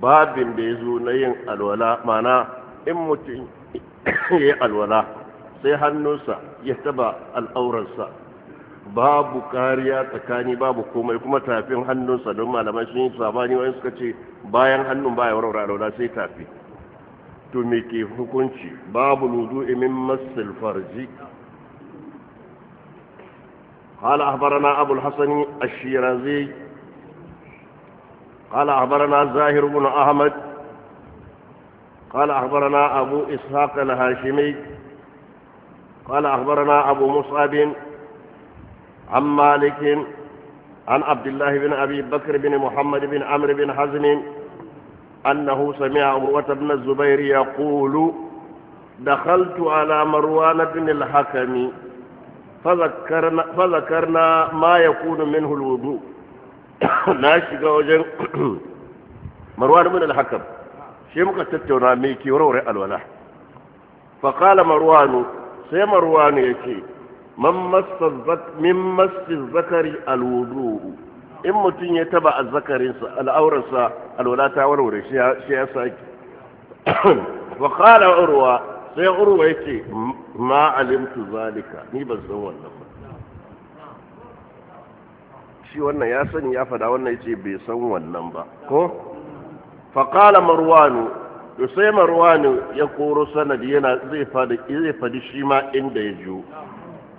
babin da ya zo na yin alwala mana in mutum ya yi alwala sai hannunsa ya taba al'aurarsa babu kariya tsakani babu komai kuma tafin hannunsa don malaman shi yi sabani wani suka ce bayan hannun baya warware alwala sai tafi to me ke hukunci babu ludu imin masil farji قال أخبرنا أبو الحسن الشيرازي قال أخبرنا الزاهر بن أحمد قال أخبرنا أبو إسحاق الهاشمي قال أخبرنا أبو مصعب عن مالك عن عبد الله بن أبي بكر بن محمد بن عمرو بن حزم أنه سمع عروة بن الزبير يقول دخلت على مروان بن الحكم فذكرنا, فذكرنا ما يكون منه الوضوء na shiga wajen marwan min al-hakam shi muka tattauna mai ke warware alwala fa qala marwan sai marwan yake man massa min massi zakari alwudu in mutum ya taba azzakarinsa al'aurarsa alwala ta warware shi ya saki wa qala urwa sai urwa yake ma alimtu zalika ni ban san wannan ba shi wannan ya sani ya fada wannan ya ce bai san wannan ba ko faƙala marwanu sai marwanu ya koro sanadi yana zai fadi shi ma inda ya jiyo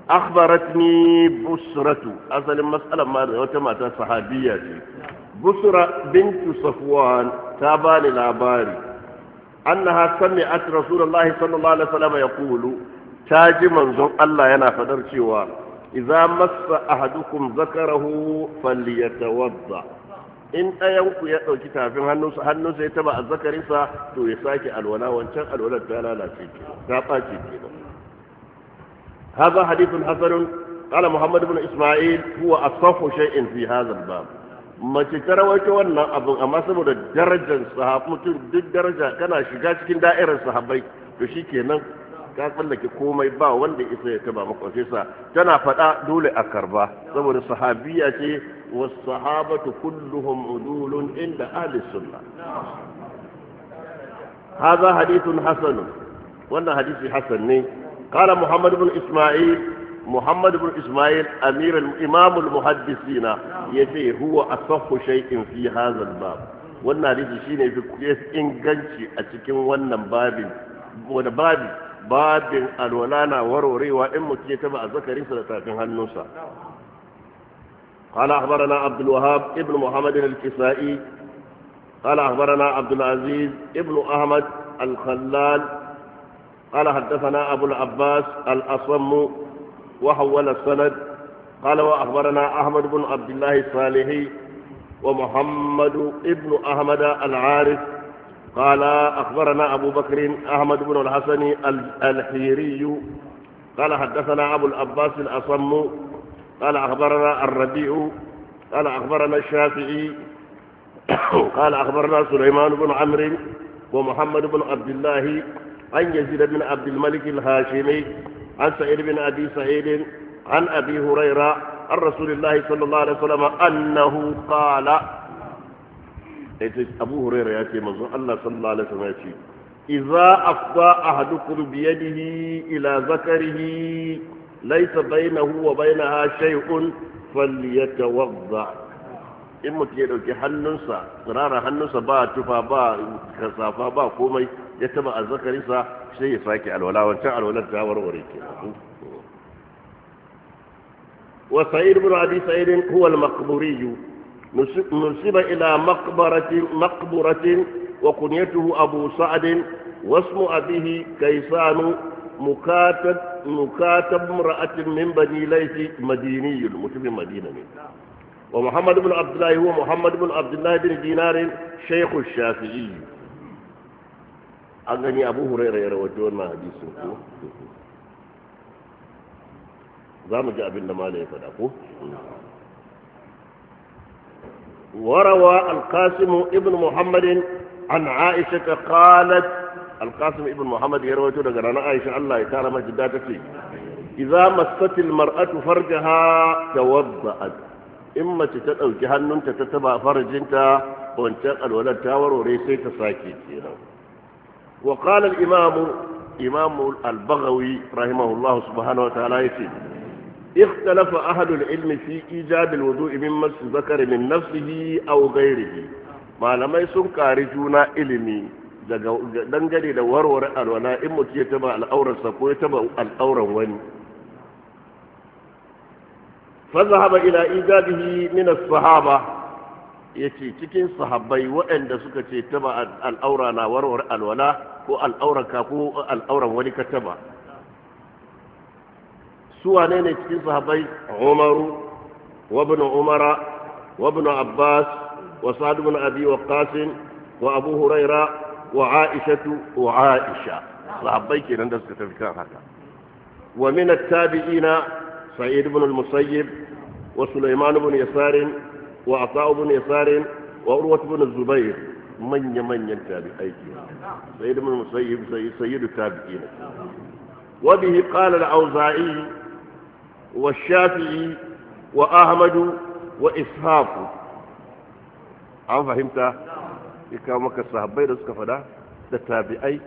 akhbaratni busratu asalin matsalar ma da wata mata sahabiya ce busra bintu safwan ta bani labari annaha sami'at rasulullahi sallallahu alaihi wasallam ta ji manzon Allah yana fadar cewa idza massa ahadukum zakarahu falyatawadda in ɗayanku ya ɗauki tafin hannunsa hannunsa ya taba azzakarinsa to ya sake alwala wancan alwalar ta lalace ke ta ɓace ke ba hadha hadithun hasanun qala muhammad ibn isma'il huwa asahhu shay'in fi hadha al-bab mace ta rawaito wannan abin amma saboda darajar sahab mutum duk daraja kana shiga cikin da'irar sahabbai to shikenan ka tsallake komai ba wanda isa ya taba maka sa tana faɗa dole a karba saboda sahabiya ce was sahabatu kulluhum udulun inda ahli sunna hadha hadithun hasan wannan hadisi hasan ne kala muhammad ibn isma'il muhammad ibn isma'il amir al-imam al-muhaddisin yace huwa asahhu shay'in fi hadha al-bab wannan hadisi shine fi inganci a cikin wannan babin wanda babin. babin alwala na warorewa in mutum ya taba da tafin hannunsa قال أخبرنا عبد الوهاب ابن محمد الكسائي قال أخبرنا عبد العزيز ابن أحمد الخلال قال حدثنا أبو العباس الأصم وحول السند قال وأخبرنا أحمد بن عبد الله الصالحي ومحمد ابن أحمد العارف قال أخبرنا أبو بكر أحمد بن الحسن الحيري قال حدثنا أبو العباس الأصم قال أخبرنا الربيع قال أخبرنا الشافعي قال أخبرنا سليمان بن عمرو ومحمد بن عبد الله عن يزيد بن عبد الملك الهاشمي عن سعيد بن أبي سعيد عن أبي هريرة عن رسول الله صلى الله عليه وسلم أنه قال أبو هريرة يأتي مزون الله صلى الله عليه وسلم يأتي إذا أفضى أحدكم بيده إلى ذكره ليس بينه وبينها شيء فليتوضع إما تيرك حنسا قرار حنسا با تفا با كسافا با كومي يتبع الذكر إسا شيء فاكي على ولا وانتع على ولا تعور وريك. وسعيد بن عبي سعيد هو المقبوري نسب إلى مقبرة مقبرة وكنيته أبو سعد واسم أبيه كيسان مكاتب مكاتب امرأة من بني ليث مديني متفق مدينة ومحمد بن عبد الله هو محمد بن عبد الله بن دينار شيخ الشافعي أغني أبو هريرة يروجون ما حديثه za mu ji abin da malai ya faɗa ko وروى القاسم ابن محمد عن عائشة قالت القاسم ابن محمد يروي تقول أنا عائشة الله تعالى مجدات فيه إذا مست المرأة فرجها توضأت إما تتأو جهنم تتبع فرج انت وانتقل الولد تاور وريسيت ساكيت وقال الإمام إمام البغوي رحمه الله سبحانه وتعالى يسير اختلف أهل العلم في إيجاب الوضوء من مس ذكر من نفسه أو غيره ما لم يسن كارجونا إلمي dangane da warware alwala in mutum ya taba al'aurarsa ko ya taba al'auran wani fazahaba ila yace cikin sahabbai waɗanda suka ce taba al'aura na warware alwala ko al'auraka ko al'auran wani ka taba سوى نين في صحابي عمر وابن عمر وابن عباس وسعد بن أبي وقاس وأبو هريرة وعائشة وعائشة صحابي كي ندرس كتابتان هكا ومن التابعين سعيد بن المسيب وسليمان بن يسار وعطاء بن يسار وعروة بن الزبير من من ينتابع أيدي سيد بن المسيب سيد التابعين وبه قال الأوزاعي والشافعي وأحمد وإسحاق an fahimta ya kawo maka sahabbai da suka faɗa da tabi'ai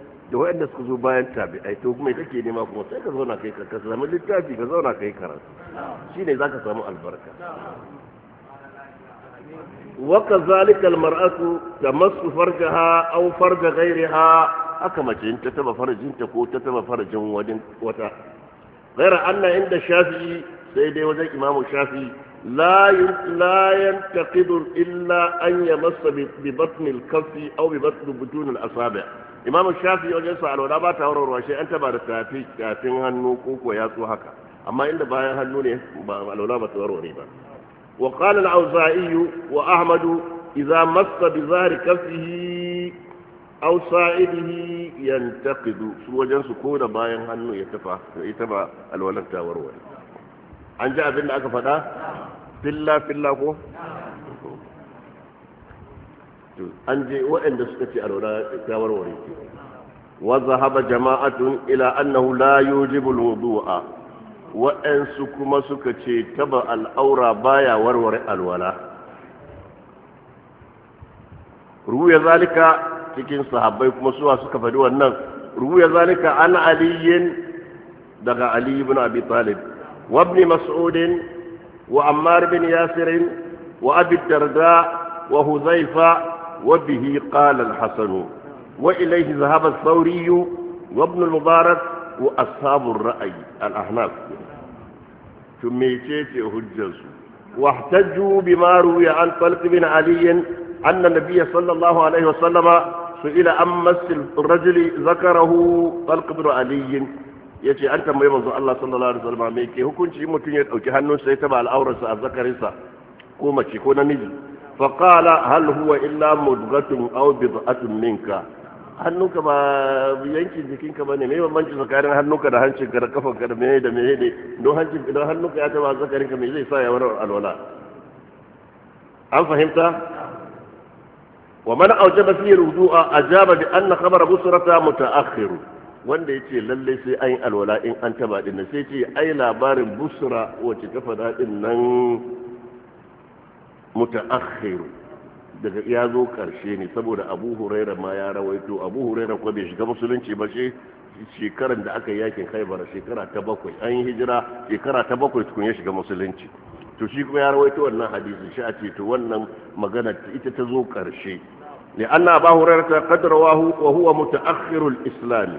da suka zo bayan tabi'ai to kuma kake nema kuma sai ka zauna kai ka samu littafi ka zauna kai karatu shine zaka samu albarka wa kazalika almar'atu tamassu farjaha aw farja ghayriha haka mace ta taba farjinta ko ta taba farjin wata غير أن عند الشافعي سيدي وجه إمام الشافعي لا لا ينتقد إلا أن يمس ببطن الكف أو ببطن بطون الأصابع إمام الشافعي وجه سأل ولا بات أورو روشي أنت بعد تاتي تاتين هنو كوكو هكا أما عند بايا هنو ولا بات ريبا وقال الأوزاعي وأحمد إذا مس بظهر كفه aw sa'idihi yantaqidu su wajen su ko da bayan hannu ya tafa ya taba ta tawarware an ji abin da aka faɗa filla filla ko an je waɗanda suka ce alwala ta ke wa zahaba jama'atun ila annahu la yujibu alwudu'a waɗansu kuma suka ce taba al'aura baya warware alwala ruwa zalika cikin sahabbai kuma suwa suka faɗi wannan ruya zalika an aliyin daga ali ibn abi talib wa ibn mas'ud wa ammar ibn yasir wa abi darda wa huzaifa wa bihi qala al-hasan wa ilayhi dhahaba al thawri wa ibn al-mubarak wa ashab ar-ra'y al-ahnaf tummecece hujjarsu واحتجوا بما روي عن طلق بن علي أن النبي صلى الله عليه وسلم سئل عن مس الرجل ذكره بن علي yace an tambayi manzon Allah sallallahu ya dauki hannun sai ta namiji fa qala hal huwa illa mudghatun aw ba yankin bane bambanci tsakanin hannunka da da da da ne don hancin idan hannunka ya taba zai sa ya warar alwala an fahimta ومن أوجب فيه الوضوء أجاب بأن خبر بصرة متأخر wanda ya ce lallai sai an yi alwala in an taba din sai ce ai labarin busra wacce ta faɗa nan mutaakhiru daga ya zo karshe ne saboda abu huraira ma ya rawaito abu huraira kuma bai shiga musulunci ba shi shekarar da aka yakin khaibar shekara ta bakwai an yi hijira shekara ta bakwai tukun ya shiga musulunci to shi kuma ya rawaito wannan hadisi shi a ce to wannan magana ita ta zo karshe لأن أبا هريرة قد رواه وهو متأخر الإسلام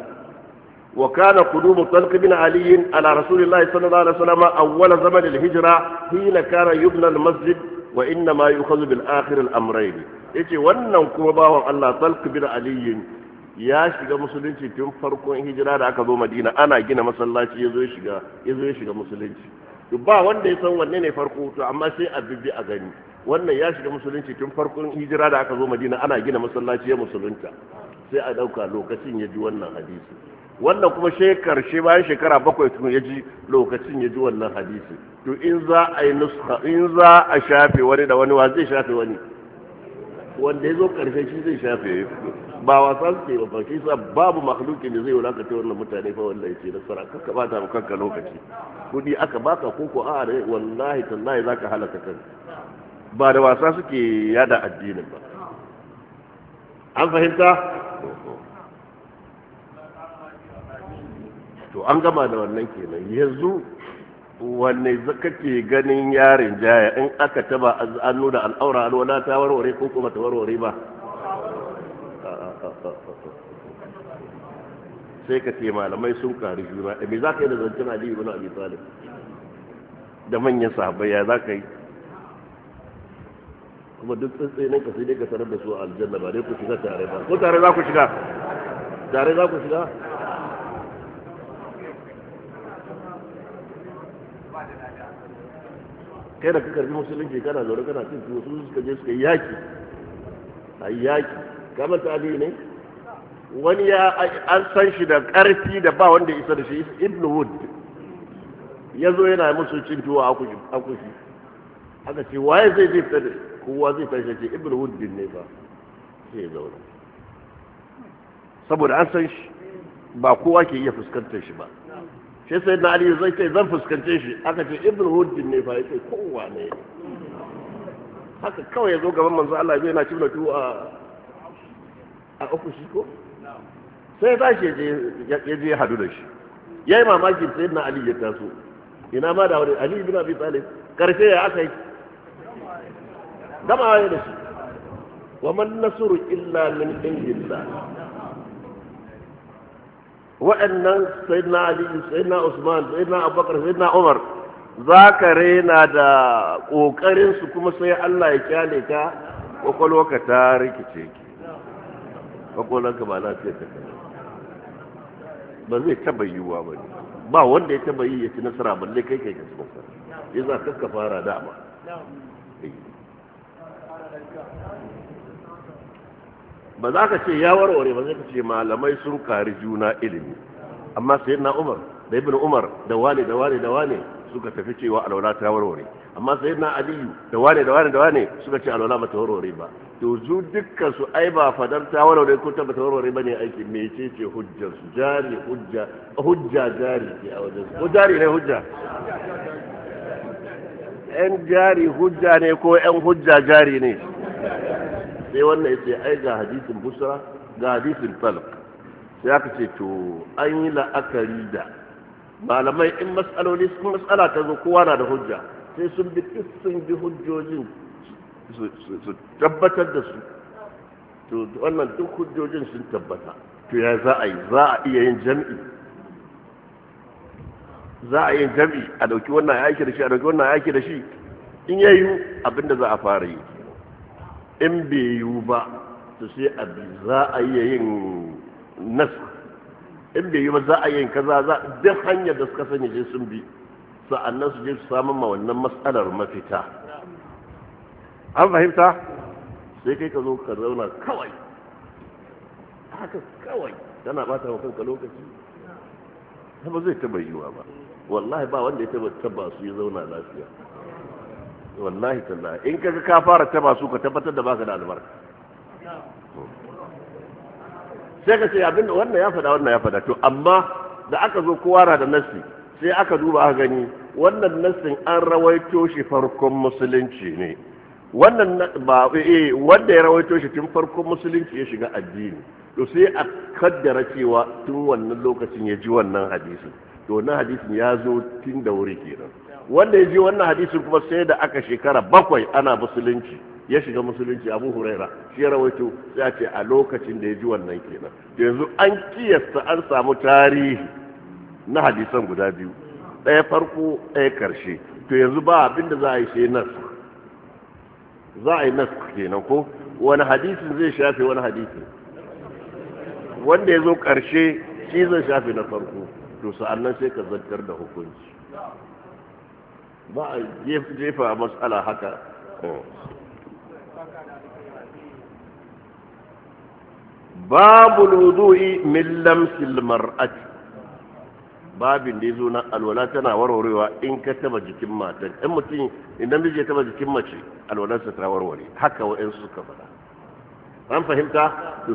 وكان قدوم طلق بن علي على رسول الله صلى الله عليه وسلم أول زمن الهجرة حين كان يبنى المسجد وإنما يؤخذ بالآخر الأمرين yace wannan kuma bawan Allah talq bin Ali ya shiga musulunci tun farkon hijira da aka zo Madina ana gina masallaci yazo ya shiga shiga musulunci ba wanda ya san wanne ne farko to amma sai a bibbi a gani wannan ya shiga musulunci tun farkon hijira da aka zo madina ana gina masallaci ya musulunta sai a ɗauka lokacin ya ji wannan hadisi wannan kuma shi bayan shekara bakwai tun ya ji lokacin ya ji wannan hadisi to in za a yi nuska in za a shafe wani da wani wa zai shafe wani wanda ya zo karshe shi zai shafe ba wasa suke ba fashi sa babu makhlukin da zai wulakata wannan mutane fa ya ce nasara ba ta mu kanka lokaci kudi aka baka koko a wallahi tallahi zaka halaka kanka ba da wasa suke yada addinin ba an fahimta to an gama da wannan kenan yanzu wanne kake ganin yarin jaya in aka taba annu nuna al'aura alwala ta warware ko kuma ta warware ba sai ka ce malamai sun kari juna ebe eh, za ka yi da zancen aliyu wani da manyan sahabbai ya za ka yi kuma duk ne ka sai dai ka sanar da su a aljanna ba dai ku shiga tare ba ko tare za ku shiga tare za ku shiga kai da ka karbi musulunci kana zaune kana cin su su suka je suka yaki a yaki kamar ta ne wani ya an san shi da karfi da ba wanda isa da shi ibn wood ya zo yana musu cin tuwo a kushi aka ce waye zai zai fita da kowa zai tashi ce ibn huddin ne ba sai ya zauna saboda an san shi ba kowa ke iya fuskantar shi ba shi sai na ali zai ce zan fuskance shi aka ce ibn huddin ne ba ya ce kowa ne haka kawai ya zo gaban manzo Allah zai na cibla tuwa a ofishi ko sai za shi ya je hadu da shi ya yi mamakin sai na ali ya taso ina ma da wani ali ibn abi talib karshe ya aka yi gama ne da shi wa man nasuru illa min indillah wa'annan sayyidina ali sayyidina usman sayyidina abubakar sayyidina umar za ka rena da ƙoƙarinsu kuma sai allah ya kyale ka kwakwalwaka ta rikice ki kwakwalwanka ba lafiyar ta kai ba zai taba yiwuwa ba ne ba wanda ya taba yi ya ci nasara balle kai kai ka ci nasara ya za ka fara dama ba za ka ce ya warware ba zai ka ce malamai sun kari juna ilimi amma sai na umar da ibn umar da wane da wane da wane suka tafi cewa alwala ta warware amma sai na aliyu da wane da wane da wane suka ce alwala ba ta warware ba to zu dukkan su ai ba fadar ta warware ko ta ba ta warware bane aiki mece ce hujja su jari hujja hujja jari ke a wajen ko jari ne hujja yan jari hujja ne ko yan hujja jari ne sai wannan yace ai ga hadisin busra ga hadisin falq sai aka ce to an yi la'akari da malamai in mas'aloli sun mas'ala ta zo kowa na da hujja sai sun bi sun bi hujjojin su tabbatar da su to wannan duk hujjojin sun tabbata to ya za a yi za a iya yin jam'i za a yi jam'i a dauki wannan ya aiki da shi a dauki wannan ya aiki da shi in yayi abinda za a fara yi in bai ba to sai a za a iya yin nasa in bai ba za a yin kaza za duk hanyar da suka sanya je sun bi sa'annan su je su samun ma wannan matsalar mafita an fahimta sai kai ka zo ka zauna kawai haka kawai tana bata wa kanka lokaci ba zai taba yiwa ba wallahi ba wanda ya taba su ya zauna lafiya wallahi tallahi in kaga ka fara taba su ka tabbatar da baka da albarka sai ka ce abin da wannan ya faɗa wannan ya faɗa to amma da aka zo kowa da nassi sai aka duba aka gani wannan nassin an rawaito shi farkon musulunci ne wannan ba eh wanda ya rawaito shi tun farkon musulunci ya shiga addini to sai a kaddara cewa tun wannan lokacin ya ji wannan hadisi to wannan hadisin ya zo tun da wuri kenan wanda ya ji wannan hadisin kuma sai da aka shekara bakwai ana musulunci ya shiga musulunci abu huraira shi ya rawaito sai a ce a lokacin da ya ji wannan kenan yanzu an kiyasta an samu tarihi na hadisan guda biyu ɗaya farko ɗaya ƙarshe to yanzu ba abin da za a yi sai nas za a yi nas kenan ko wani hadisin zai shafe wani hadisi wanda ya zo ƙarshe shi zai shafe na farko to sa'annan sai ka zartar da hukunci ba a jefa matsala haka babu wudu'i min silmar mar'ati babin da zo na alwala tana warwarewa in ka taba jikin mata in mutum idan bije ya taba jikin mace alwalarsa ta warware haka wa'ansu suka faɗa an fahimta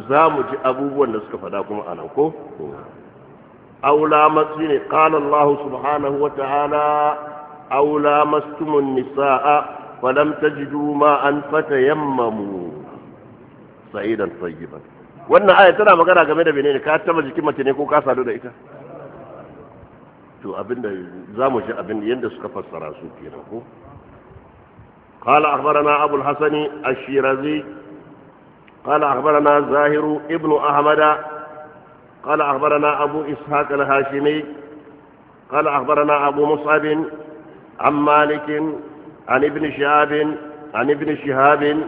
za mu ji abubuwan da suka faɗa kuma anan ko aula matsi ne qala Allah subhanahu wa ta'ala أو لامستم النساء ولم تجدوا ماء فتيمموا سعيدا طيبا wannan aya tana magana game da menene ka taba jikin mace ne ko ka sadu da ita to abinda zamu ji abin yanda suka fassara su kenan ko qala akhbarana abul hasan ash-shirazi qala akhbarana zahiru ibn ahmad qala akhbarana abu ishaq al-hashimi qala akhbarana abu mus'ab عن مالك عن ابن شهاب عن ابن شهاب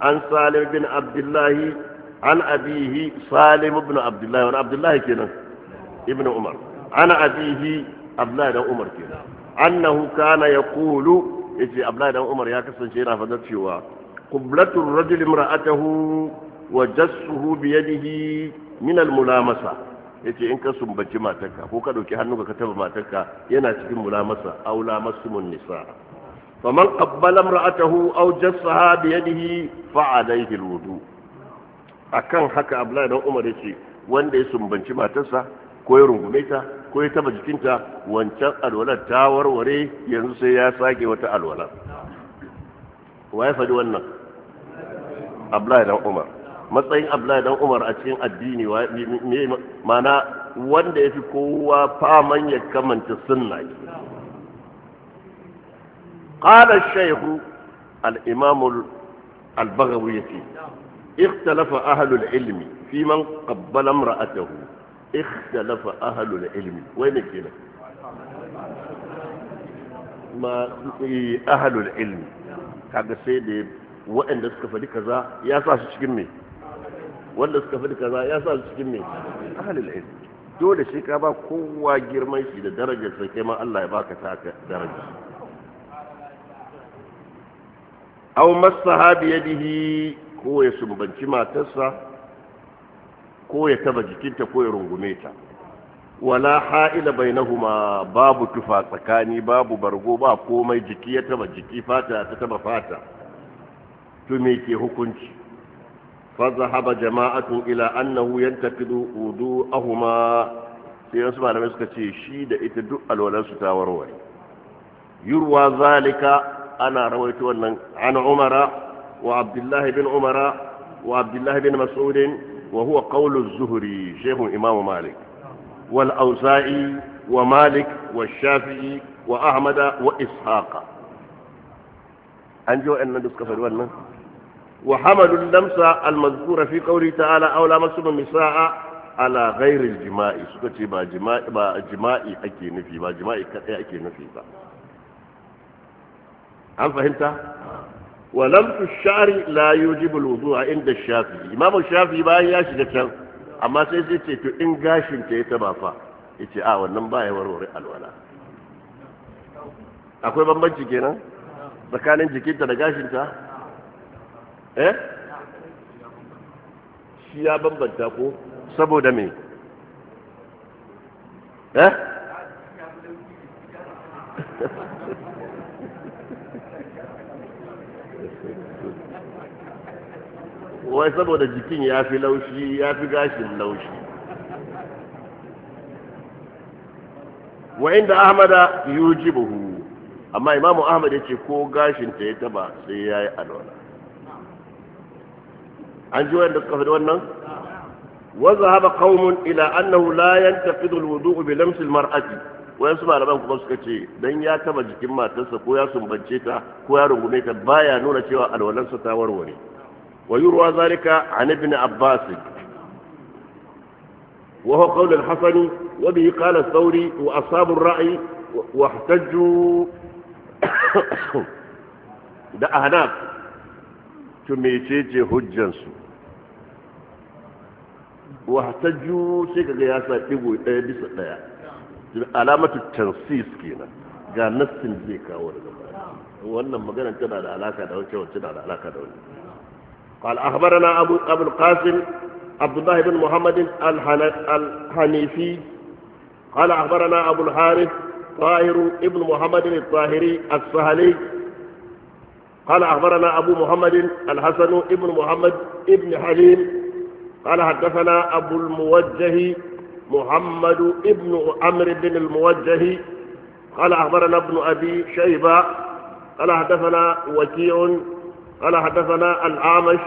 عن سالم بن عبد الله عن أبيه سالم بن عبد الله وعن عبد الله كنا ابن عمر عن أبيه عبد الله بن عمر كنا أنه كان يقول إذا عبد الله بن عمر يا كسن شيرا فدت شوا قبلة الرجل امرأته وجسه بيده من الملامسة ya ce in ka sumbaci matarka ko ka dauki hannu ka taba matarka yana cikin mulamasa aula masumun nisa faman qabbala imra'atahu aw jassaha bi yadihi fa alayhi alwudu akan haka Abdullahi dan Umar yace wanda ya sumbaci matarsa ko ya rungume ta ko ya taba jikinta wancan alwalar ta warware yanzu sai ya sake wata alwala wa ya faɗi wannan Abdullahi dan Umar matsayin abdullahi dan umar a cikin addini mana wanda ya fi kowa faman ya kamanta sunna ke ƙada shaihu al’imamul albagawu ya ce ikhtalafa ahalul ilmi fi man ƙabbalam ra'atahu ikhtalafa ahalul ilmi wai ne ke nan ma eh, ahalul ilmi kaga sai da waɗanda suka faɗi kaza ya sa su cikin mai wanda suka fi kaza ya sa su cikin mai ahalil ilm dole shi ka ba kowa girman shi da darajar sa kai ma Allah ya baka ta daraja aw masaha bi yadihi ko ya sumbanci matarsa ko ya taba jikinta ko ya rungume ta wala ha'ila bainahuma babu tufa tsakani babu bargo ba komai jiki ya taba jiki fata ta taba fata to me ke hukunci فذهب جماعة إلى أنه ينتقد وضوءهما sai wasu malamai suka ce shi da ita duk alwalansu ta warware yurwa zalika ana rawaito wannan an umara wa abdullah bin umara wa abdullah bin mas'ud wa huwa qawlu zuhri shaykhun malik wal auza'i wa malik wa shafi'i wa ahmad wa ishaqa an ji wa'annan da suka faɗi وحملوا اللمس المذكور في قوله تعالى أو مسلم النساء على غير الجماع سكتي با جماع با جماع أكي نفي با جماع أكي نفي با هل فهمت؟ ولمس الشعر لا يوجب الوضوء عند الشافعي إمام الشافعي با ياشي كتن أما سيسيتي تو إن غاشن تيتبا فا يتي آه والنبا يوروري الولا أكوي بمبنجي كينا tsakanin jikinta da gashinta eh shi ya bambanta ko saboda me eh wai saboda jikin ya fi laushi ya fi gashin laushi wa inda ahmada yujibuhu amma imamu ahmad ya ce ko gashinta ya taba sai ya yi alwala an ji wanda suka faɗi wannan wanzu haɓa kaumun ila annahu la yantaqidu alwudu'u bi lamsi almar'ati wayan su malaman kuma suka ce dan ya taba jikin matarsa ko ya sumbance ta ko ya rungume ta baya nuna cewa alwalansa ta warware wa yurwa zalika an ibn abbas وهو قول ra'ayi وبه قال الثوري وأصحاب الرأي واحتجوا ده أهناف تميتيتي hujjansu. wahtajju sai kaga ya sa digo ɗaya bisa ɗaya alamatu tansis kenan ga nassin zai kawo daga baya wannan magana tana da alaka da wacce wacce da alaka da wani قال أخبرنا أبو, أبو القاسم عبد الله بن محمد الحنيفي قال أخبرنا أبو الحارث طاهر ابن محمد الطاهري السهلي قال أخبرنا أبو محمد الحسن ابن محمد ابن حليم قال حدثنا أبو الموجه محمد ابن عمر بن الموجه قال أخبرنا ابن أبي شيبة قال حدثنا وكيع قال حدثنا الأعمش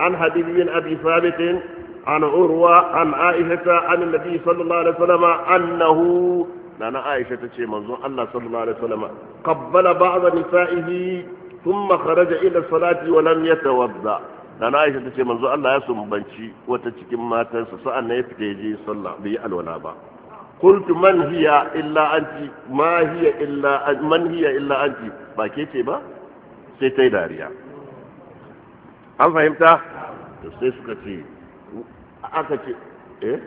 عن حبيب بن أبي ثابت عن عروة عن عائشة عن النبي صلى الله عليه وسلم أنه لأن عائشة تشي منظور الله صلى الله عليه وسلم قبل بعض نسائه ثم خرج إلى الصلاة ولم يتوضأ nana aisha ta ce manzo Allah ya sumbanci wata cikin matansa sa'an na ya fita ya je sallah bai yi alwala ba qultu man hiya illa anti ma hiya illa man hiya illa anti ba ke ce ba sai ta yi dariya an fahimta to sai suka ce aka ce eh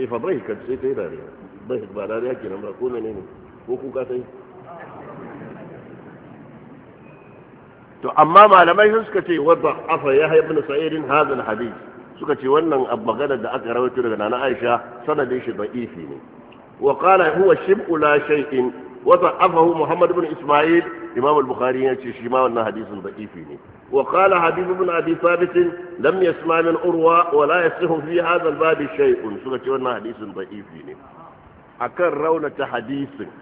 eh fa bai kan sai ta yi dariya bai ba dariya kenan ba ko menene ko kuka sai to amma malamai sun suka ce wadda afa ya haifi na sa'irin hazin hadis suka ce wannan maganar da aka rawaito daga nana aisha sanadin shi ba ifi ne wa qala huwa shib'u la shay'in wa da'afahu muhammad ibn isma'il imam al-bukhari ya ce shi ma wannan hadisin ba ifi ne wa qala habib ibn abi thabit lam yasma min urwa wa la yasihu fi hadha al-bab shay'un suka ce wannan hadisin ba ifi ne akan raunata hadisin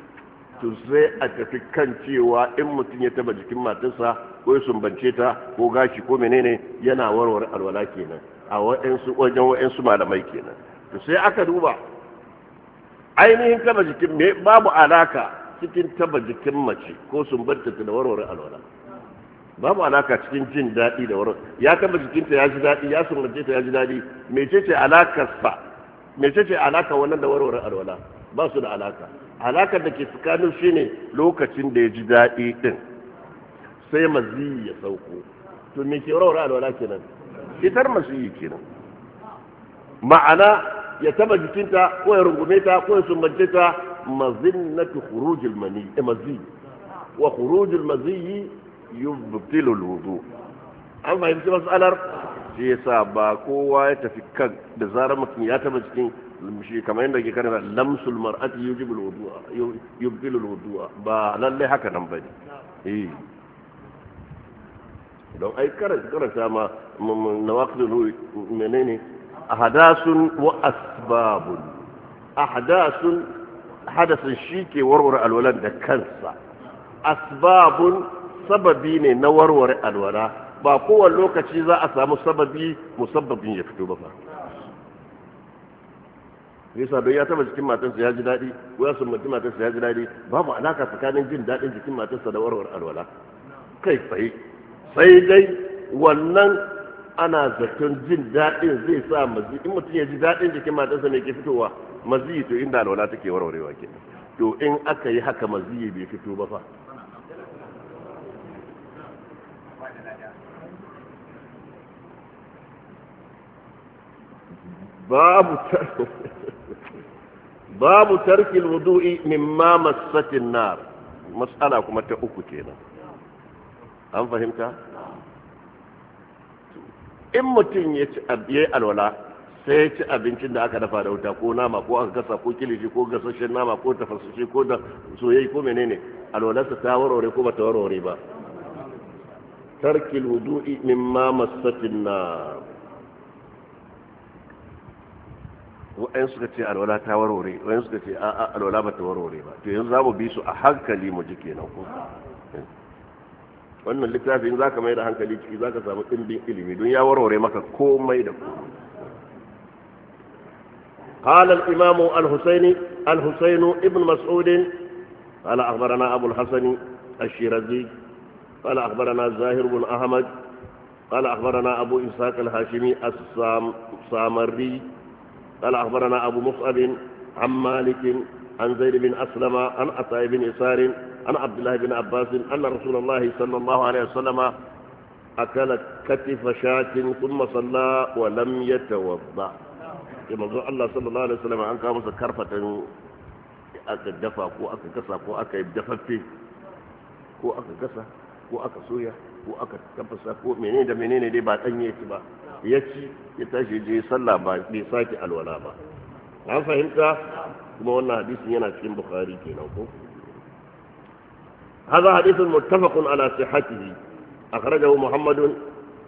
to sai a tafi kan cewa in mutum ya taba jikin matarsa ko sumbance ta ko gashi ko menene yana warware alwala kenan a wa'ansu wajen wa'ansu malamai kenan to sai aka duba ainihin taba jikin me babu alaka cikin taba jikin mace ko sumbanta da warware alwala babu alaka cikin jin daɗi da warware ya taba jikinta ya ji daɗi ya sumbance ta ya ji daɗi mecece alakarsa mecece alaka wannan da warware alwala ba su da alaka alakar da ke tsakanin shine lokacin da ya ji daɗi din sai mazi ya sauko to me ke rawar alwala kenan fitar mazi kenan ma'ana ya taba jikinta ko ya rungume ta ko ya sumbance ta mazinnatu khurujil mani eh, mazi wa khurujil mazi yubtilu alwudu an fahimci mas'alar shi yasa ba kowa ya tafi kan da zarar mutum ya taba jikin shi kamar yadda ke karanta lamsul mar'ati yujibul wudu'a yubtilul wudu'a ba lallai haka nan bane eh don ai karanta ma nawaqidul menene ahadasun wa asbabun ahadasun hadasin shi ke warware alwalan da kansa asbabun sababi ne na warware alwala ba kowane lokaci za a samu sababi musabbabin ya fito ba fa yasa don ya taba jikin matarsa ya ji daɗi ko ya sumbanci matarsa ya ji daɗi babu alaka tsakanin jin daɗin jikin matarsa da warware alwala kai tsaye sai dai wannan ana zaton jin daɗin zai sa mazi in mutum ya ji daɗin jikin matarsa ne ke fitowa mazi to inda alwala take warwarewa ke to in aka yi haka mazi bai fito ba fa babu babu tarkil wudu'i mimma massatin nar mas'ala kuma ta uku kenan an fahimta in mutum ya ci yi alwala sai ya ci abincin da aka dafa da wuta ko nama ko aka gasa ko kilishi ko gasashen nama ko tafasashe ko da soyayi ko menene alwalarsa ta warware ko ta warware ba tarkil wudu'i ma masatin na wa'yan suka ce alwala ta warware wa'yan suka ce a'a alwala ba ta warware ba to yanzu za mu bi su a hankali mu ji kenan ko wannan littafin zaka mai da hankali ciki zaka samu ɗimbin ilimi don ya warware maka komai da komai قال الإمام الحسيني الحسين ابن مسعود قال أخبرنا أبو الحسن الشيرازي قال أخبرنا زاهر بن أحمد قال أخبرنا أبو إسحاق الهاشمي السامري قال أخبرنا أبو مصعب عن مالك عن زيد بن أسلم عن عطاء بن يسار عن عبد الله بن عباس أن رسول الله صلى الله عليه وسلم أكل كتف شاة ثم صلى ولم يتوضأ كما قال الله صلى الله عليه وسلم أن كان كرفة أكا دفا كو أكا كسا كو أكا يبدفت فيه كو أكا كسا كو أكا سويا ko aka tafasa ko menene da menene dai ba ɗanye ci ba ya ci ya tashi je sallah ba bai sake alwala ba an fahimta kuma wannan hadisin yana cikin bukhari kenan ko هذا حديث متفق على صحته أخرجه محمد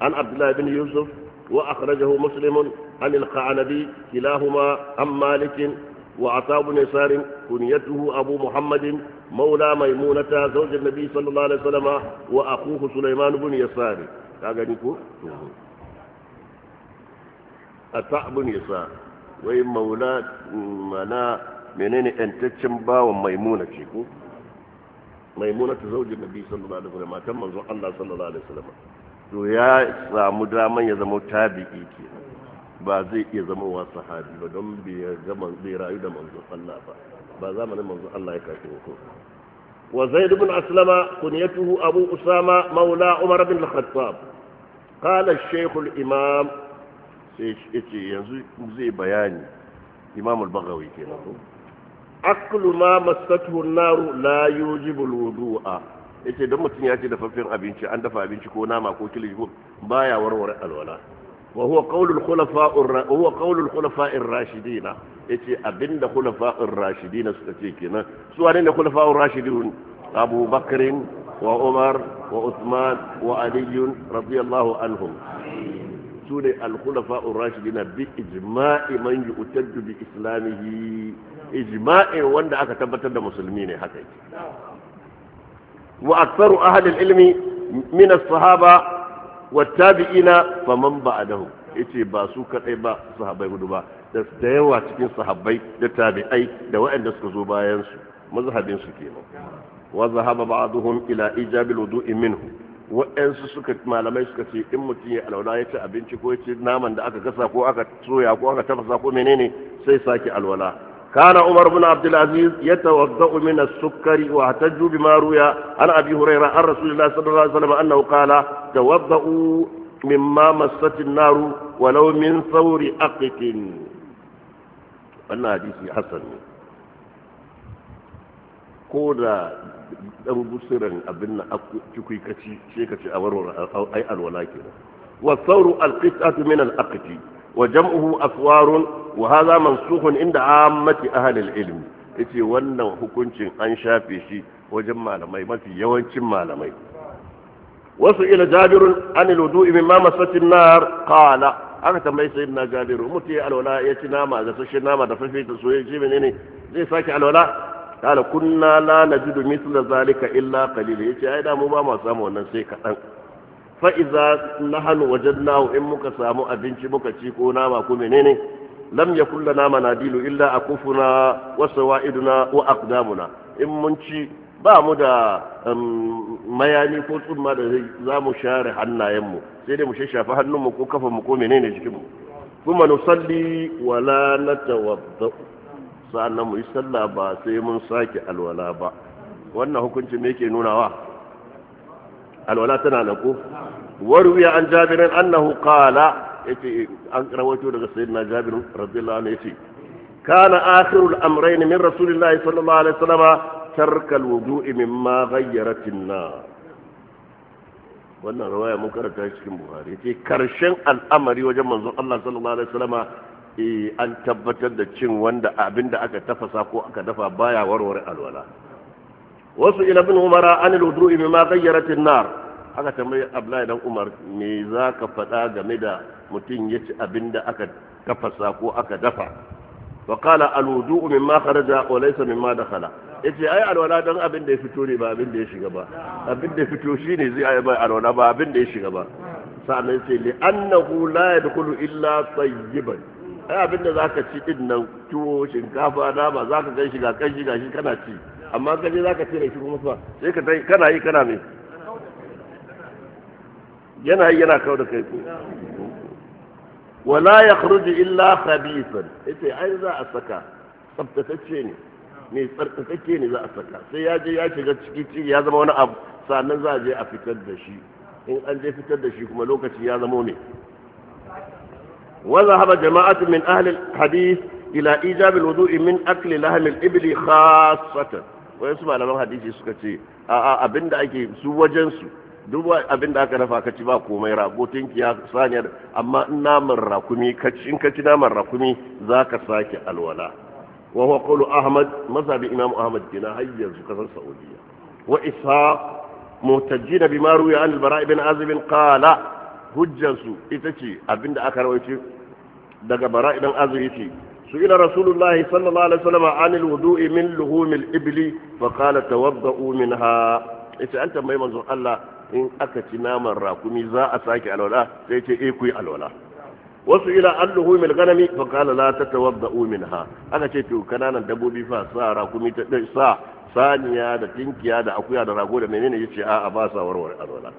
عن عبد الله بن يوسف وأخرجه مسلم عن القعنبي كلاهما عن مالك وعطاء بن يسار كنيته أبو محمد مولى ميمونة زوج النبي صلى الله عليه وسلم وأخوه سليمان بن يسار تعجبكم عطاء بن يسار وإن مولى منا منين أنت تشمبا وميمونة شيكو ta zaujin nabi sallallahu alaihi wasallam matan manzon Allah sallallahu alaihi wasallam to ya samu daman ya zama tabi'i ke ba zai iya zama wa sahabi ba don bai ga bai rayu da manzon Allah ba ba zamanin manzon Allah ya kafi ko wa zaid ibn aslama kunyatuhu abu usama maula umar bin al-khattab qala ash-shaykh al-imam sai yace yanzu zai bayani imam al-baghawi kenan aklu ma masatuhu naru la yujibul wudu'a yace dan mutum ya ce dafaffen abinci an dafa abinci ko nama ko kilishi ko baya warware alwala wa huwa qawlul khulafa'ur huwa qawlul khulafa'ir rashidina yace abinda khulafa'ur rashidina suka ce kenan su wane ne khulafa'ur rashidun Abu Bakr wa Umar wa Uthman wa Ali radiyallahu anhum su ne alkhulafa urashidina bi ijma'i man yu'taddu bi islamihi ijma'in wanda aka tabbatar da musulmi ne haka yake wa aktharu ahli ilmi min as-sahaba wattabi'ina faman ba'dahu yace ba su kadai ba sahabbai gudu ba da yawa cikin sahabbai da tabi'ai da waɗanda suka zo bayan su mazhabin su kenan wa zahaba ba'dhum ila ijabi wudu'i minhu waɗansu suka malamai suka ce in mutum ya alwala ya ci abinci ko ya ci naman da aka gasa ko aka soya ko aka tafasa ko menene sai sake alwala kana umar bin abdul aziz yatawaddau min as-sukkari wa hatajju bima ruya an abi hurayra an rasulullahi sallallahu alaihi wasallam annahu qala tawadda mimma massat an-nar walau min thawri aqitin wannan hadisi hasan ne ko da dan busirin abin na cikin kaci ka ce a warware ai alwala kenan wa sauru alqitatu min alaqti wa jam'uhu aswarun wa hadha mansukhun inda ammati ahli alilm yace wannan hukuncin an shafe shi wajen malamai mafi yawancin malamai wasu ila jabirun an imin mimma masatin nar kala aka tambayi sai na jabiru mutu ya alwala ya ci nama da sashen nama da fafe soyayyar soyayya ji menene zai sake alwala kana kunna la najidu mithla zalika illa qalila yace ai da mu ba mu samu wannan sai kadan fa iza nahal wajadnahu in muka samu abinci muka ci ko nama ko menene lam yakul lana manadilu illa akufuna wa sawaiduna wa aqdamuna in mun ci ba mu da mayani ko tsumma da za mu share hannayen mu sai dai mu shafa hannun mu ko kafa mu ko menene jikin mu kuma nusalli wala natawaddu sa'annan mu yi sallah ba sai mun sake alwala ba wannan hukunci me nuna nunawa alwala tana ku ko warwiya an jabirin annahu qala yace an rawaito daga sayyidina jabir radiyallahu anhu yace kana akhirul amrayn min rasulillahi sallallahu alaihi wasallam tarkal wudu'i mimma ghayyarat an-nar wannan rawaya mun karanta cikin buhari yace karshen al'amari wajen manzon Allah sallallahu alaihi wasallama Eh, an tabbatar da cin wanda abin da aka tafasa ko aka dafa baya warware alwala wasu ila bin umara an al-wudu'i ma ghayyarat an-nar aka tambayi abdullahi dan umar me zaka faɗa game da mutum ya ci abin da aka tafasa ko aka dafa wa qala al min ma kharaja wa laysa ma dakhala yace ai alwala dan abin da ya fito ne ba abin da ya shiga ba abin da ya fito shine zai ai bai alwala ba abin da ya shiga ba sa'an sai li annahu la yadkhulu illa tayyiban ai abin da zaka ci din nan tuwo shinkafa nama zaka gan shi ga kan shi ga shi kana ci amma ka je zaka ci da shi kuma fa sai ka dai kana yi kana me yana yi yana kawo da kai ko wala yakhruju illa khabithan ita ai za a saka tsaftatacce ne ne tsarkakakke ne za a saka sai ya je ya shiga ciki ciki ya zama wani abu sannan za a je a fitar da shi in an je fitar da shi kuma lokaci ya zama ne وذهب جماعة من أهل الحديث إلى إيجاب الوضوء من أكل لحم الإبل خاصة ويسمع لما حديثي سكتي أبن دعيك سوى جنسو duk abin da aka dafa ka ci ba komai rago tinki ya sanya amma in rakumi in ka ci naman rakumi za ka sake alwala wa huwa qawlu ahmad mazhabi imam ahmad kina har yanzu kasar saudiya wa na muhtajjina bima ruya an al-bara' ibn azib kala hujjansu ita ce abinda aka rawaito daga bara idan azumi ce su ila rasulullahi sallallahu alaihi wasallam anil wudu'i min luhumil ibli fa qala tawadda'u minha ita an tambayi manzon Allah in aka ci naman rakumi za a sake alwala sai ce eh ku yi alwala wasu ila an luhumil ganami fa qala la tatawadda'u minha aka ce to kananan dabbobi fa sa rakumi ta sa saniya da tinkiya da akuya da rago da menene yace a'a ba sa warware alwala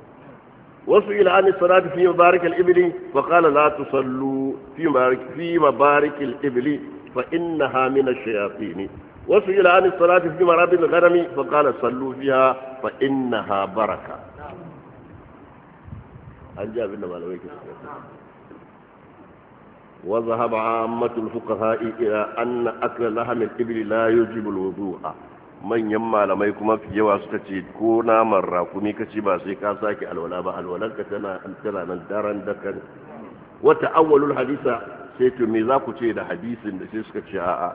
وسئل عن الصلاة في مبارك الإبل وقال لا تصلوا في مبارك, في مبارك الإبل فإنها من الشياطين وسئل عن الصلاة في مراب الغنم فقال صلوا فيها فإنها بركة عن جابر بن وذهب عامة الفقهاء إلى أن أكل لحم الإبل لا يجب الوضوء manyan malamai kuma yawa suka ce ko naman rakumi ka ci ba sai ka sake alwala ba alwalanka tana tana nan daren kan wata awwalul hadisa sai to me za ku ce da hadisin da sai suka ce a'a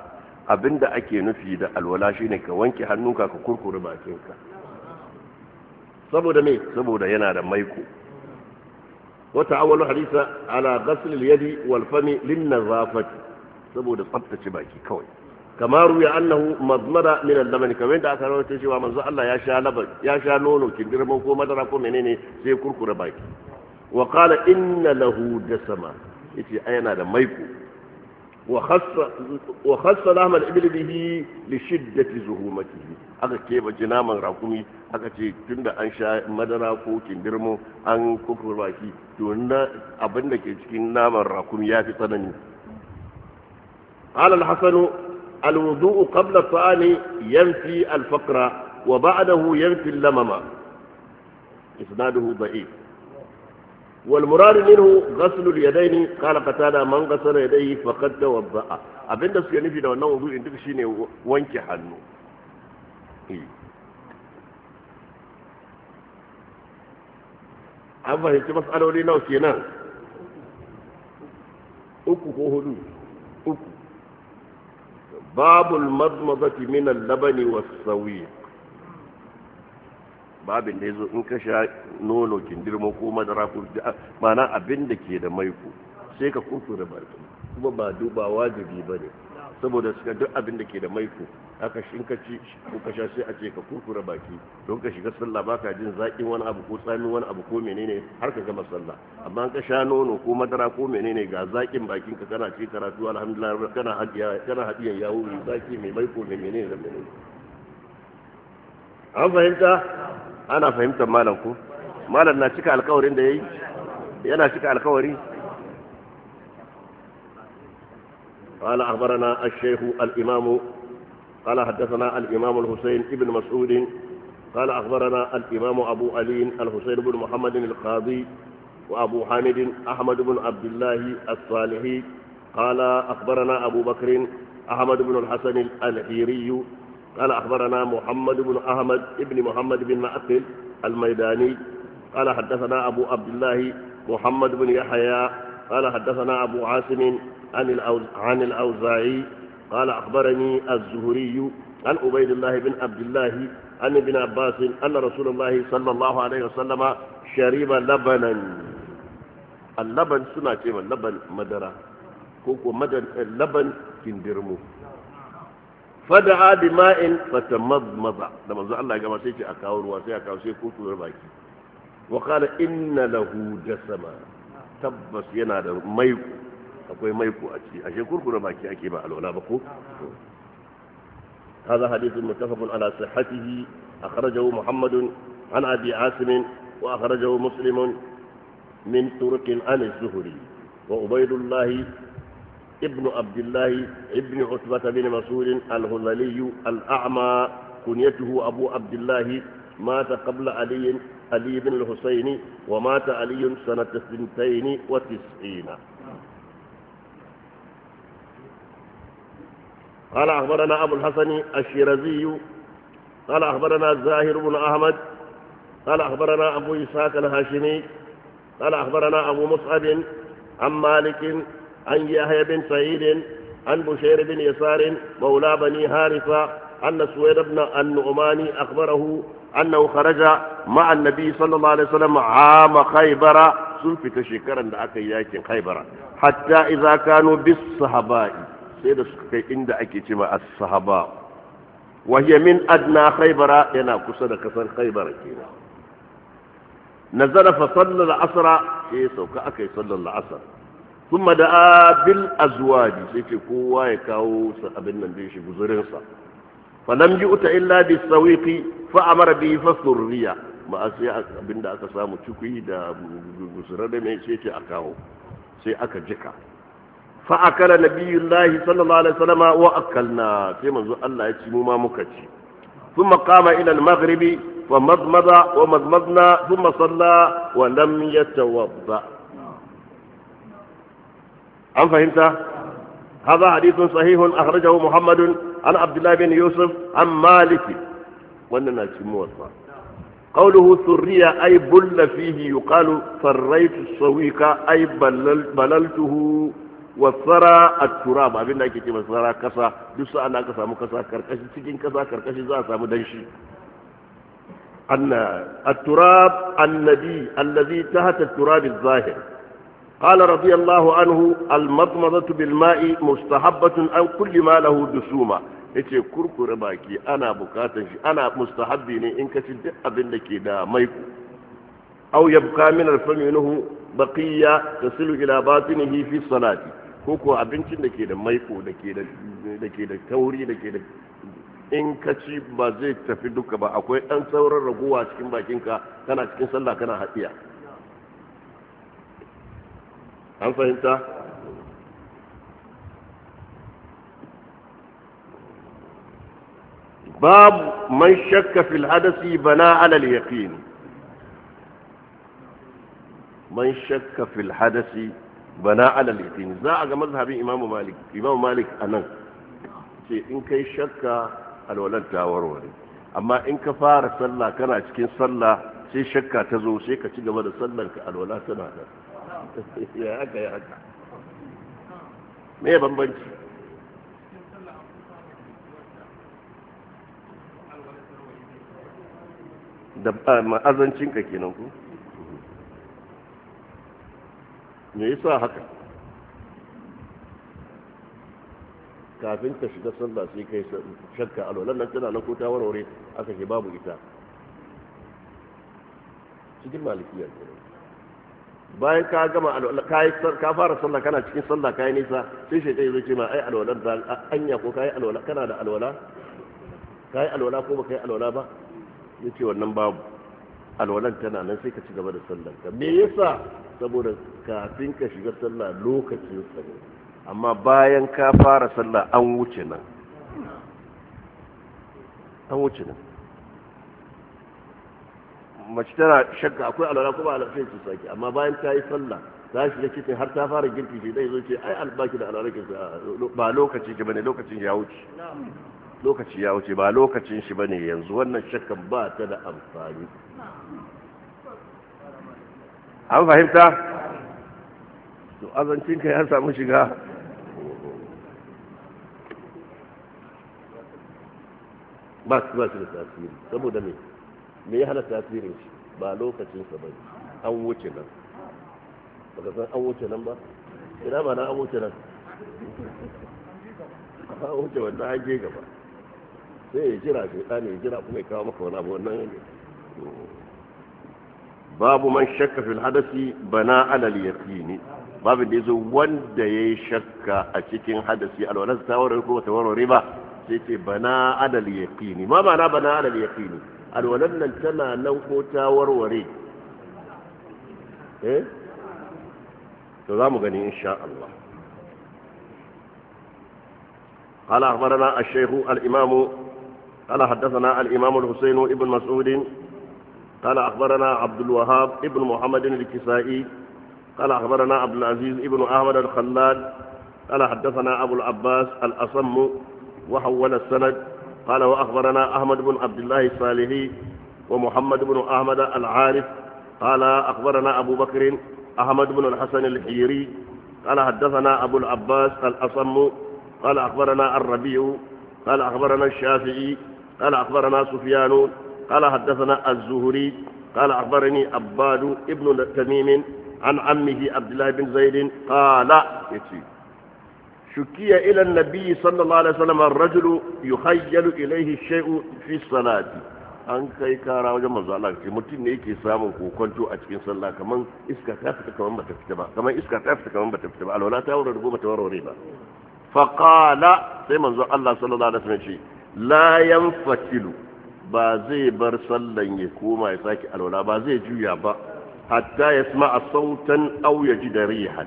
abinda ake nufi da alwala shine ka wanke hannunka ka kurkure bakinka saboda me saboda yana da maiko wata awwalul hadisa ala ghasl al-yadi wal fami lin nazafati saboda tsaftace baki kawai kama ruya annahu mazmara min al-laban kamar wanda aka rawaito cewa manzo Allah ya sha labar ya sha nono kindirmo ko madara ko menene sai kurkure baki wa qala inna lahu dasama yace ai yana da maiko wa khassa wa khassa lahma al-ibli bihi li shiddati zuhumatihi aka ba jinaman rakumi aka ce tunda an sha madara ko kindirmo an kurkure baki to na abinda ke cikin naman rakumi ya fi tsanani قال الحسن الوضوء قبل الطعام ينفي الفقر وبعده ينفي اللمم إسناده ضعيف والمراد منه غسل اليدين قال قتال من غسل يديه فقد توضع أبدا سيني في دوانا وضوء عندك شيني وانك حنو إيه. أفهمت مسألة لنا وكينا أكو هو هدوه babul madmadati min al-labani was-sawiq babin da yazo in ka sha nono kindirmo ko madara ko mana abin da ke da maiko sai ka kuntu da baki kuma ba duba wajibi bane saboda suka duk abin da ke da maiko haka shi ka ci ko ka sha sai a ce ka kurkura baki don ka shiga sallah ba ka jin zaƙin wani abu ko tsamin wani abu ko menene har ka gama sallah amma ka sha nono ko madara ko menene ga zaƙin bakin ka kana ci karatu alhamdulillah kana hadiya kana hadiyan yawo mai zaƙi mai mai ko menene da menene an fahimta ana fahimtar malam ko malam na cika alƙawarin da yayi yana cika alƙawari قال أخبرنا الشيخ الإمام قال حدثنا الإمام الحسين بن مسعود قال أخبرنا الإمام أبو علي الحسين بن محمد القاضي وأبو حامد أحمد بن عبد الله الصالحي قال أخبرنا أبو بكر أحمد بن الحسن الحيري قال أخبرنا محمد بن أحمد بن محمد بن مأثل الميداني قال حدثنا أبو عبد الله محمد بن يحيى قال حدثنا أبو عاصم عن الأوزاعي قال أخبرني الزهري عن عبيد الله بن عبد الله عن ابن عباس أن رسول الله صلى الله عليه وسلم شرب لبنا اللبن سنة كما اللبن مدرة كوكو مدن اللبن كندرمو فدعا بماء فتمضمض لما زال الله كما سيتي أكاور وسيا كاو سي كوتو رباكي وقال إن له جسما تبس ينادر ميكو akwai maiko a ciki ashe kurkura baki ake ba alwala ba ko هذا حديث متفق على صحته أخرجه محمد عن أبي عاصم وأخرجه مسلم من طرق عن الزهري وعبيد الله ابن عبد الله ابن عتبة بن مسعود الهذلي الأعمى كنيته أبو عبد الله مات قبل علي علي بن الحسين ومات علي سنة سنتين وتسعين قال أخبرنا أبو الحسن الشيرازي قال أخبرنا الزاهر بن أحمد قال أخبرنا أبو إسحاق الهاشمي قال أخبرنا أبو مصعب عن مالك عن يحيى بن سعيد عن بشير بن يسار مولى بني هارفة أن سويد بن النعمان أخبره أنه خرج مع النبي صلى الله عليه وسلم عام خيبر سلفت شكرا لأكي خيبر حتى إذا كانوا بالصحباء sai da suka kai inda ake ce ma as-sahaba wa hiya min adna khaybara yana kusa da kasar khaybara kenan nazala fa al asra sai sauka akai yi asr thumma da bil azwaj sai ce kowa ya kawo sa abin nan da shi guzurin sa fa lam yu'ta illa bis sawiqi fa amara bi fasurriya ma sai abinda aka samu cikuyi da guzurar da mai sai ce a kawo sai aka jika فأكل نبي الله صلى الله عليه وسلم وأكلنا منزل الله يتيم ما مكتشي ثم قام إلى المغرب ومضمض ومضمضنا ثم صلى ولم يتوضأ ان فهمت؟ هذا حديث صحيح أخرجه محمد عن عبد الله بن يوسف عن مالك وأننا نتشمو قوله سرية أي بل فيه يقال فريت السويق أي بللته wasara a turab abin da ake ce masara kasa duk sa'an da samu kasa karkashi cikin kasa karkashi za a samu danshi التراب النبي الذي تحت التراب الظاهر قال رضي الله عنه المضمضة بالماء مستحبة عن كل ما له دسومة yace kurkure baki ana bukatan shi ana mustahabbi ne in kaci duk abin da ke da maiko aw yabqa min al-fami minhu baqiya tasilu ila batinihi fi salati ko ko abincin da ke da maiko da ke da tauri da ke da in ka ci ba zai tafi duka ba akwai ɗan sauran raguwa cikin bakinka kana cikin sallah kana haɗiya an fahimta babu man shakka fil hadasi bana alal yaqin man shakka fil hadasi bana alal yatim za a ga mazhabin imamu malik imamu malik anan ce in kai shakka alwalar ta warware amma in ka fara sallah kana cikin sallah sai shakka ta zo sai ka ci gaba da sallar ka alwala tana da ya haka ya haka me bambanci da ah, ma'azancinka kenan ku me yasa haka kafin ka shiga sallah sai kai shakka lolan nan tana nan ko ta warware aka ke babu ita cikin ne. bayan ka gama alwala ka fara sallah kana cikin sallah yi nisa sai shi kai zai ce ma ai alwala da anya ko kai alwala kana da alwala yi alwala ko baka yi alwala ba ce wannan babu alwalan tana nan sai ka ci gaba da sallar ka me yasa saboda kafin ka shiga sallah lokacin sa ne amma bayan ka fara sallah an wuce nan an wuce nan mace tana shakka akwai alwala kuma alafin su sake amma bayan ta yi sallah ta shiga cikin har ta fara girki shi dai zo ce ai albaki da alwala ba lokaci ki bane lokacin ya wuce lokaci ya wuce ba lokacin shi bane yanzu wannan shakkan ba ta da amfani an fahimta to azancinka ya samu shiga ba su ba su da tasiri saboda me me ya hana tasirin shi ba lokacin sa bane an wuce nan baka san an wuce nan ba ina ba na an wuce nan an wuce wanda an je gaba sai ya jira ɗani ya jira kuma ya kawo maka wani abu wannan yanzu babu man shakka fil hadasi bana alal yaqini babu da yazo wanda yayi shakka a cikin hadasi alwala ta warware ko ta warware ba sai ce bana alal yaqini ma ma'ana bana alal yaqini alwalan nan tana nan ko ta warware eh to za mu gani insha Allah قال أخبرنا الشيخ الإمام قال حدثنا الإمام الحسين ابن مسعود قال أخبرنا عبد الوهاب ابن محمد الكسائي قال أخبرنا عبد العزيز ابن أحمد الخلاد قال حدثنا أبو العباس الأصم وحول السند قال وأخبرنا أحمد بن عبد الله الصالحي ومحمد بن أحمد العارف قال أخبرنا أبو بكر أحمد بن الحسن الحيري قال حدثنا أبو العباس الأصم قال أخبرنا الربيع قال أخبرنا الشافعي قال أخبرنا سفيان قال حدثنا الزهري قال أخبرني عباد ابن تميم عن عمه عبد الله بن زيد قال شكي إلى النبي صلى الله عليه وسلم الرجل يخيل إليه الشيء في الصلاة an kai kara wajen manzo Allah ce mutum ne yake samun kokonto a cikin sallah kaman iska ta fita kaman bata fita ba kaman iska ta fita kaman bata fita ba alwala ta warware ko bata warware ba fa sai manzo Allah sallallahu alaihi wasallam ce la fatilu ba zai bar sallan ya koma ya sake alwala ba zai juya ba hatta ya sama a sautan au ya ji da rihan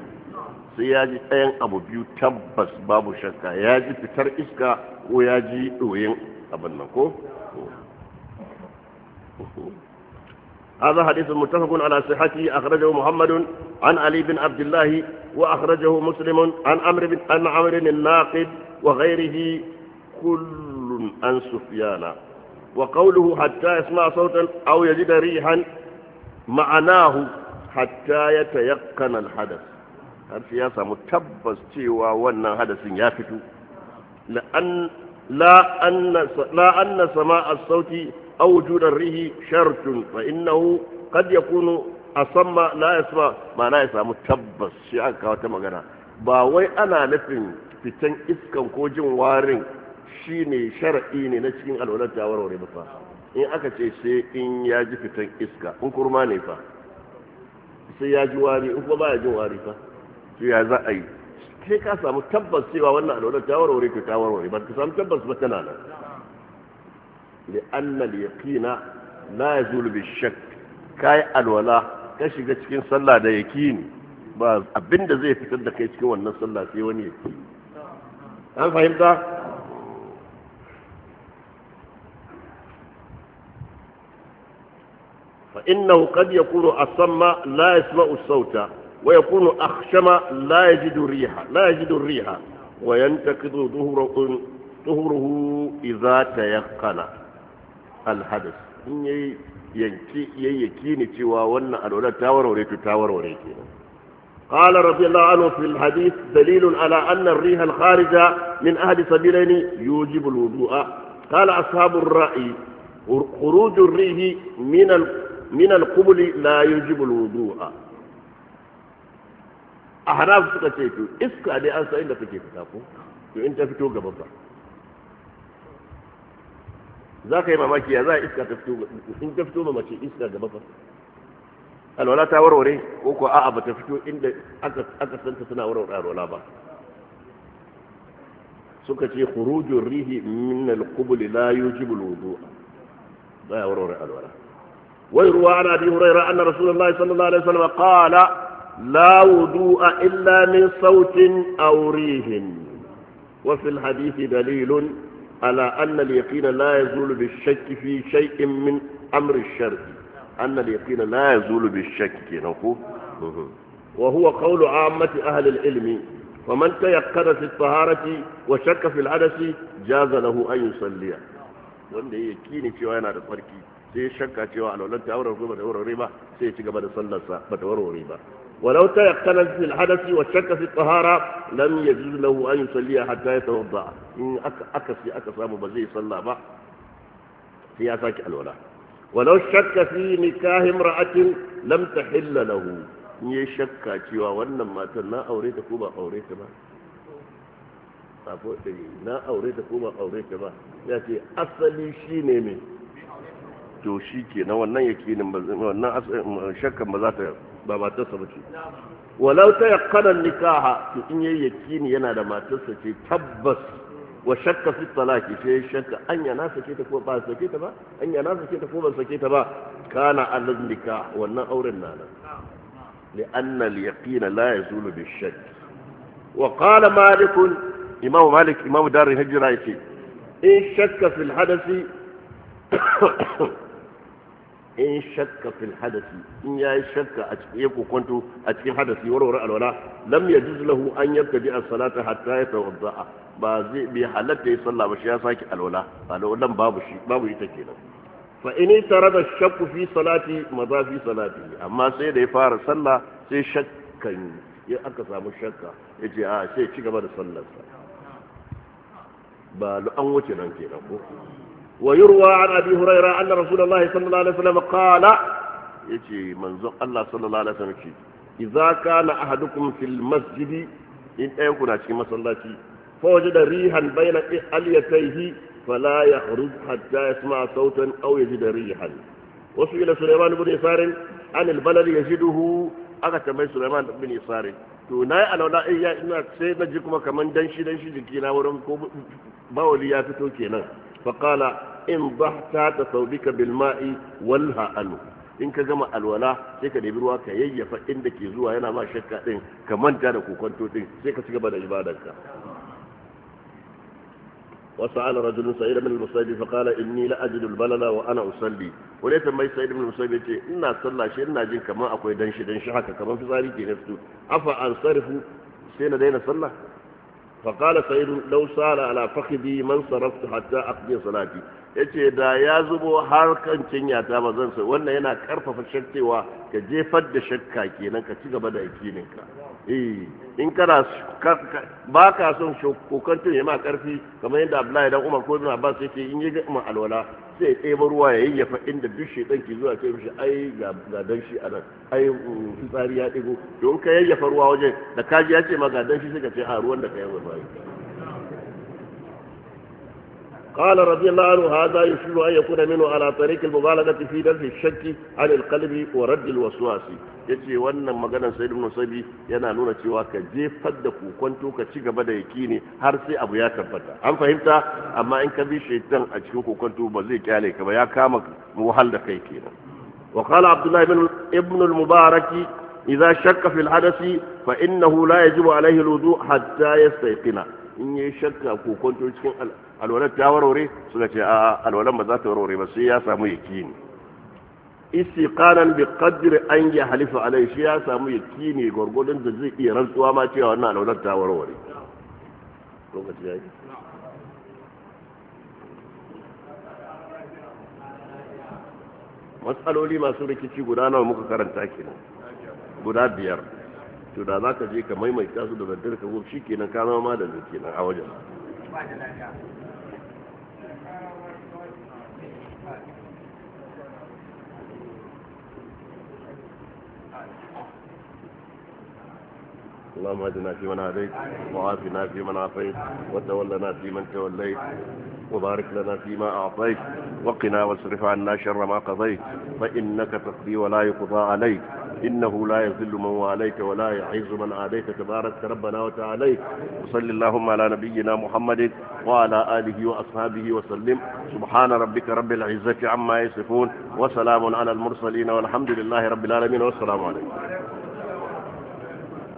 sai ya ji ɗayan abu biyu tabbas babu shakka ya ji fitar iska ko ya ji ɗoyin abin nan ko هذا حديث متفق على صحته أخرجه محمد عن علي بن عبد الله وأخرجه مسلم عن عمرو بن عن عمرو الناقد وغيره كل عن سفيان وقوله حتى يسمع صوتا أو يجد ريحا معناه حتى يتيقن الحدث هل في ياسا متبس تيوى وانا حدث يافت لأن لا أن لا أن سماع الصوت أو وجود الريح شرط فإنه قد يكون أصم لا يسمع ما لا يسمع متبس شيئا كما كما باوي أنا ana في fitan iskan ko jin shi ne shara'i ne na cikin alwalar ta warware ba fa in aka ce sai in ya ji fitan iska in kurma ne fa sai ya ji wari in kuma baya jin wari fa to ya za a yi sai ka samu tabbas cewa wannan alwalar ta warware to ta warware ba ka samu tabbas ba tana nan li'anna na yaqina la yazulu bi-shakk kai alwala ka shiga cikin sallah da yaqini ba abinda zai fitar da kai cikin wannan sallah sai wani yaqini an fahimta فإنه قد يكون أصم لا يسمع الصوت ويكون أخشم لا يجد الريح لا يجد الريح وينتقض ظهره ظهره إذا تيقن الحدث تاور وريت تاور قال رضي الله عنه في الحديث دليل على أن الريح الخارجة من أهل سبيلين يوجب الوضوء قال أصحاب الرأي خروج الريح من min al-qubul la yujibu al-wudu'a ahnaf suka ce to iska dai an san inda take fita ko to in ta fito gaba ba za ka yi mamaki ya za iska ta fito in ta iska gaba ba alwala ta warware ko a'a ba ta fito inda aka santa suna warware alwala ba suka ce khurujur rihi ya warware alwala ويروى عن أبي هريرة أن رسول الله صلى الله عليه وسلم قال لا وضوء إلا من صوت أو ريح وفي الحديث دليل على أن اليقين لا يزول بالشك في شيء من أمر الشرع أن اليقين لا يزول بالشك وهو قول عامة أهل العلم فمن تيقن في الطهارة وشك في العدس جاز له أن يصلي وأن يكيني في وأنا تركي sai shakka cewa alwalanta aure ko ba da warware ba sai ya ci gaba da sallarsa ba ta warware ba ولو تيقن الحدث وشك في الطهارة لم يجوز له أن يصلي حتى يتوضأ إن أكسي أكسى مبزي صلى بعض في أساك الولاء ولو شك في نكاه امرأة لم تحل له إن شك سوى وأن ما تنا أوريت كوبا أوريت ما نا أوريت كوبا أوريت ما يأتي أصلي شيء نمي to shi ke na wannan yakinin wannan shakkan ba za ta ba matarsa ba ce walau ta yakkanan nikaha to in yayi yakini yana da matarsa ce tabbas wa shakka fi talaki sai shakka anya na sake ta ko ba sake ta ba anya na sake ta ko ba sake ta ba kana alal nikah wannan auren na nan لأن اليقين لا يزول بالشك وقال مالك إمام مالك إمام دار الهجرة إن شك في الحدث in shakka fil hadasi in ya shakka a cikin ya kokonto a cikin hadasi warware alwala lam ya juz lahu an bi as-salata hatta ya tawadda ba zai bi halatta ya sallah ba shi ya saki alwala alwalan babu shi babu ita kenan fa in tarada shakku fi salati maza fi salati amma sai da ya fara sallah sai shakkan ya aka samu shakka yace a sai ci gaba da sallarsa ba an wuce nan kenan ko ويروى عن أبي هريرة أن رسول الله صلى الله عليه وسلم قال يجي منزق الله صلى الله عليه وسلم إذا كان أحدكم في المسجد إن أيكم أشكي مسلاتي فوجد ريحا بين أليتيه فلا يخرج حتى يسمع صوتا أو يجد ريحا وسئل سليمان بن يسار عن البلد يجده aka tambayi Sulaiman bin Isari to na yi in ya ina sai na ji kuma kaman danshi danshi jiki na wurin ko bawali ya fito kenan fa qala in bahta ta ka bil ma'i wal alu in ka gama alwala sai ka debi ruwa ka yayyafa inda ke zuwa yana ma shakka din ka manta da kokonto din sai ka ci gaba da ibadarka وسأل رجل سعيد بن المصيب فقال إني لا أجد البلد وأنا أصلي وليت ما سعيد بن المصيب يقول إنا صلى شيء إنا جن كما أكو دنش دنش حكا كما في ذلك نفسه أفا أنصرف سين دين صلى فقال سعيد لو سأل على فخذي من صرفت حتى أقضي صلاتي ya ce da ya zubo har kan cinya ta ba zan sai wannan yana karfafa shakkewa ka jefar da shakka kenan ka ci gaba da ka eh in kana ba ka son kokantun ya ma karfi kamar yadda Abdullahi dan Umar ko Ibn Abbas yake in yi umar alwala sai ɗebo ruwa ya yayyafa inda duk shedan ke zuwa ce mishi ai ga dan shi a nan ai mm, fitsari ya ɗigo don ka yayyafa ruwa wajen da kaji ya ce ma ga dan shi sai ka ce a ruwan da ka yi قال رضي الله عنه هذا يشير أن يكون منه على طريق المبالغة في نزع الشك عن القلب ورد الوسواس يجي وانا مغانا سيد بن سبي ينا نونا تيواك جي فدك وكنتو كتشيك بدا يكيني هرسي أبو ياك فتا أم فهمت أما إن كبير شيطان أتشيك وكنتو بزي كالي كبا يا كامك موحلدك وقال عبد الله بن ابن المبارك إذا شك في العدس فإنه لا يجب عليه الوضوء حتى يستيقنا إني يشك أبو كنتو يشكو alwalar ta warware suka ce a alwalar ba za ta warware ba sai ya samu yakini istiqanan bi qadri an ya halifa alai shi ya samu yakini gurgurdin da zai iya rantsuwa ma cewa wannan alwalar ta warware lokaci matsaloli masu rikici guda nawa muka karanta kenan guda biyar to da za ka je ka maimaita su da daddare ka zo shikenan ka zama da kenan a wajen اللهم اهدنا فيمن هديت وعافنا فيمن عافيت وتولنا فيمن توليت وبارك لنا فيما أعطيت وقنا واصرف عنا شر ما قضيت فإنك تقضي ولا يقضى عليك إنه لا يذل من وعليك ولا يعز من عاديك تبارك ربنا وتعالى وصل اللهم على نبينا محمد وعلى آله وأصحابه وسلم سبحان ربك رب العزة عما يصفون وسلام على المرسلين والحمد لله رب العالمين والسلام عليكم